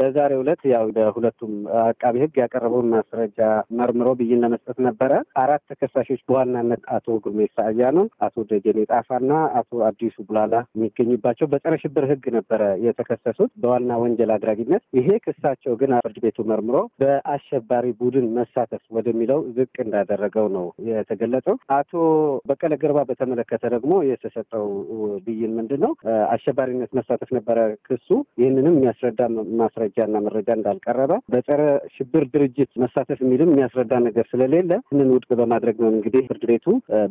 በዛሬው ዕለት ያው ለሁለቱም አቃቢ ህግ ያቀረበውን ማስረጃ መርምሮ ብይን ለመስጠት ነበረ። አራት ተከሳሾች በዋናነት አቶ ጉርሜሳ አያኖ፣ አቶ ደጀኔ ጣፋና አቶ አዲሱ ቡላላ የሚገኙባቸው በጸረ ሽብር ህግ ነበረ የተከሰሱት በዋና ወንጀል አድራጊነት። ይሄ ክሳቸው ግን ፍርድ ቤቱ መርምሮ በአሸባሪ ቡድን መሳተፍ ወደሚለው ዝቅ እንዳደረገው ነው የተገለጸው። አቶ በቀለ ገርባ በተመለከተ ደግሞ የተሰጠው ብይን ምንድን ነው? አሸባሪነት መሳተፍ ነበረ ክሱ። ይህንንም የሚያስረዳ ማስረ መረጃና መረጃ እንዳልቀረበ በጸረ ሽብር ድርጅት መሳተፍ የሚልም የሚያስረዳ ነገር ስለሌለ ይህንን ውድቅ በማድረግ ነው እንግዲህ ፍርድ ቤቱ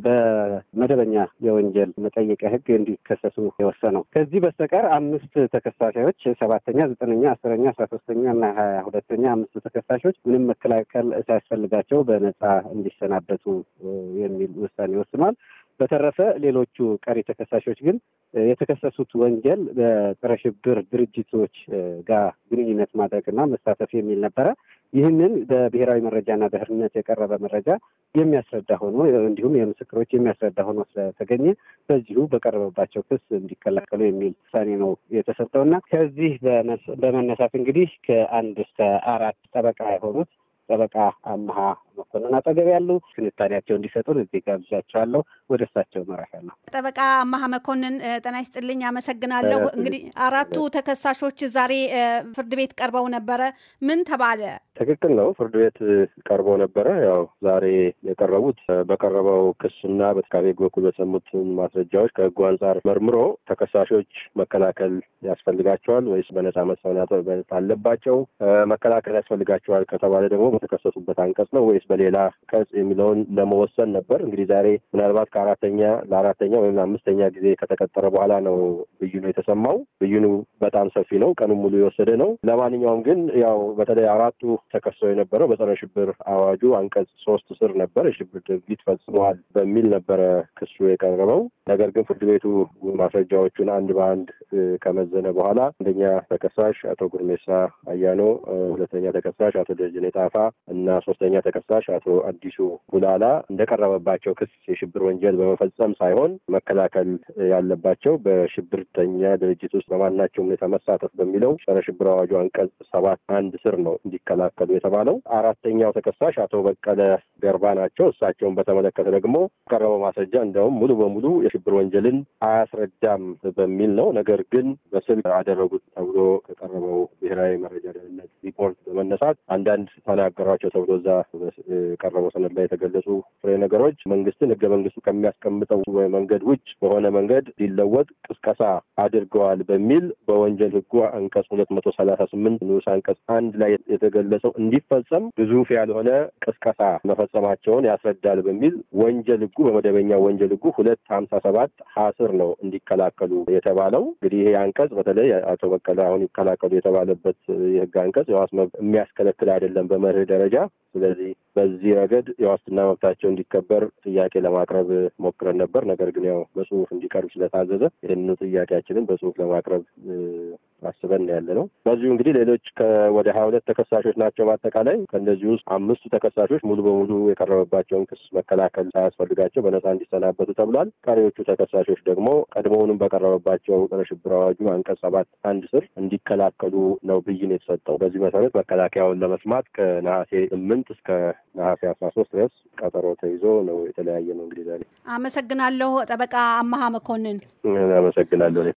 በመደበኛ የወንጀል መጠየቂያ ህግ እንዲከሰሱ የወሰነው። ከዚህ በስተቀር አምስት ተከሳሾች ሰባተኛ፣ ዘጠነኛ፣ አስረኛ፣ አስራ ሶስተኛ እና ሀያ ሁለተኛ አምስቱ ተከሳሾች ምንም መከላከል ሳያስፈልጋቸው በነጻ እንዲሰናበቱ የሚል ውሳኔ ወስኗል። በተረፈ ሌሎቹ ቀሪ ተከሳሾች ግን የተከሰሱት ወንጀል በጸረ ሽብር ድርጅቶች ጋር ግንኙነት ማድረግና መሳተፍ የሚል ነበረ። ይህንን በብሔራዊ መረጃና ደህንነት የቀረበ መረጃ የሚያስረዳ ሆኖ እንዲሁም የምስክሮች የሚያስረዳ ሆኖ ስለተገኘ በዚሁ በቀረበባቸው ክስ እንዲከላከሉ የሚል ውሳኔ ነው የተሰጠውና ከዚህ በመነሳት እንግዲህ ከአንድ እስከ አራት ጠበቃ የሆኑት ጠበቃ አምሃ መኮንን አጠገብ ያሉ ትንታኔያቸው እንዲሰጡን እዚህ ጋብዣቸዋለሁ። ወደ እሳቸው መራሻለሁ። ጠበቃ አምሃ መኮንን ጤና ይስጥልኝ፣ አመሰግናለሁ። እንግዲህ አራቱ ተከሳሾች ዛሬ ፍርድ ቤት ቀርበው ነበረ። ምን ተባለ? ትክክል ነው። ፍርድ ቤት ቀርቦ ነበረ። ያው ዛሬ የቀረቡት በቀረበው ክስና በተካቤ ህግ በኩል በሰሙትን ማስረጃዎች ከህጉ አንጻር መርምሮ ተከሳሾች መከላከል ያስፈልጋቸዋል ወይስ በነጻ መሰናበት አለባቸው፣ መከላከል ያስፈልጋቸዋል ከተባለ ደግሞ በተከሰሱበት አንቀጽ ነው ወይስ በሌላ ቀጽ የሚለውን ለመወሰን ነበር። እንግዲህ ዛሬ ምናልባት ከአራተኛ ለአራተኛ ወይም ለአምስተኛ ጊዜ ከተቀጠረ በኋላ ነው ብይኑ የተሰማው። ብይኑ በጣም ሰፊ ነው። ቀኑን ሙሉ የወሰደ ነው። ለማንኛውም ግን ያው በተለይ አራቱ ተከሰው የነበረው በጸረ ሽብር አዋጁ አንቀጽ ሶስት ስር ነበር። የሽብር ድርጊት ፈጽመዋል በሚል ነበረ ክሱ የቀረበው። ነገር ግን ፍርድ ቤቱ ማስረጃዎቹን አንድ በአንድ ከመዘነ በኋላ አንደኛ ተከሳሽ አቶ ጉርሜሳ አያኖ፣ ሁለተኛ ተከሳሽ አቶ ደጀኔ ጣፋ እና ሶስተኛ ተከሳሽ አቶ አዲሱ ቡላላ እንደቀረበባቸው ክስ የሽብር ወንጀል በመፈጸም ሳይሆን መከላከል ያለባቸው በሽብርተኛ ድርጅት ውስጥ በማናቸው ሁኔታ መሳተፍ በሚለው ጸረ ሽብር አዋጁ አንቀጽ ሰባት አንድ ስር ነው እንዲከላከል ተከላከሉ የተባለው። አራተኛው ተከሳሽ አቶ በቀለ ገርባ ናቸው። እሳቸውን በተመለከተ ደግሞ ቀረበው ማስረጃ እንዲያውም ሙሉ በሙሉ የሽብር ወንጀልን አያስረዳም በሚል ነው። ነገር ግን በስል አደረጉት ተብሎ ከቀረበው ብሔራዊ መረጃ ደህንነት ሪፖርት በመነሳት አንዳንድ ተናገሯቸው ተብሎ እዛ ቀረበው ሰነድ ላይ የተገለጹ ፍሬ ነገሮች መንግስትን ህገ መንግስቱ ከሚያስቀምጠው መንገድ ውጭ በሆነ መንገድ ሊለወጥ ቅስቀሳ አድርገዋል በሚል በወንጀል ህጉ አንቀጽ ሁለት መቶ ሰላሳ ስምንት ንዑስ አንቀጽ አንድ ላይ የተገለ ሰው እንዲፈጸም ግዙፍ ያልሆነ ቅስቀሳ መፈጸማቸውን ያስረዳል በሚል ወንጀል ህጉ በመደበኛ ወንጀል ህጉ ሁለት ሀምሳ ሰባት ሀስር ነው እንዲከላከሉ የተባለው። እንግዲህ ይሄ አንቀጽ በተለይ አቶ በቀለ አሁን ይከላከሉ የተባለበት የህግ አንቀጽ የዋስ መብት የሚያስከለክል አይደለም በመርህ ደረጃ። ስለዚህ በዚህ ረገድ የዋስትና መብታቸው እንዲከበር ጥያቄ ለማቅረብ ሞክረን ነበር። ነገር ግን ያው በጽሁፍ እንዲቀርብ ስለታዘዘ ይህንኑ ጥያቄያችንን በጽሁፍ ለማቅረብ አስበን ያለ ነው። በዚሁ እንግዲህ ሌሎች ወደ ሀያ ሁለት ተከሳሾች ናቸው። በአጠቃላይ ከእነዚህ ውስጥ አምስቱ ተከሳሾች ሙሉ በሙሉ የቀረበባቸውን ክስ መከላከል ሳያስፈልጋቸው በነጻ እንዲሰናበቱ ተብሏል። ቀሪዎቹ ተከሳሾች ደግሞ ቀድሞውንም በቀረበባቸው ጸረ ሽብር አዋጁ አንቀጽ ሰባት አንድ ስር እንዲከላከሉ ነው ብይን የተሰጠው። በዚህ መሰረት መከላከያውን ለመስማት ከነሐሴ ስምንት እስከ ነሐሴ አስራ ሶስት ድረስ ቀጠሮ ተይዞ ነው የተለያየ ነው። እንግዲህ ዛሬ አመሰግናለሁ ጠበቃ አመሀ መኮንን። አመሰግናለሁ።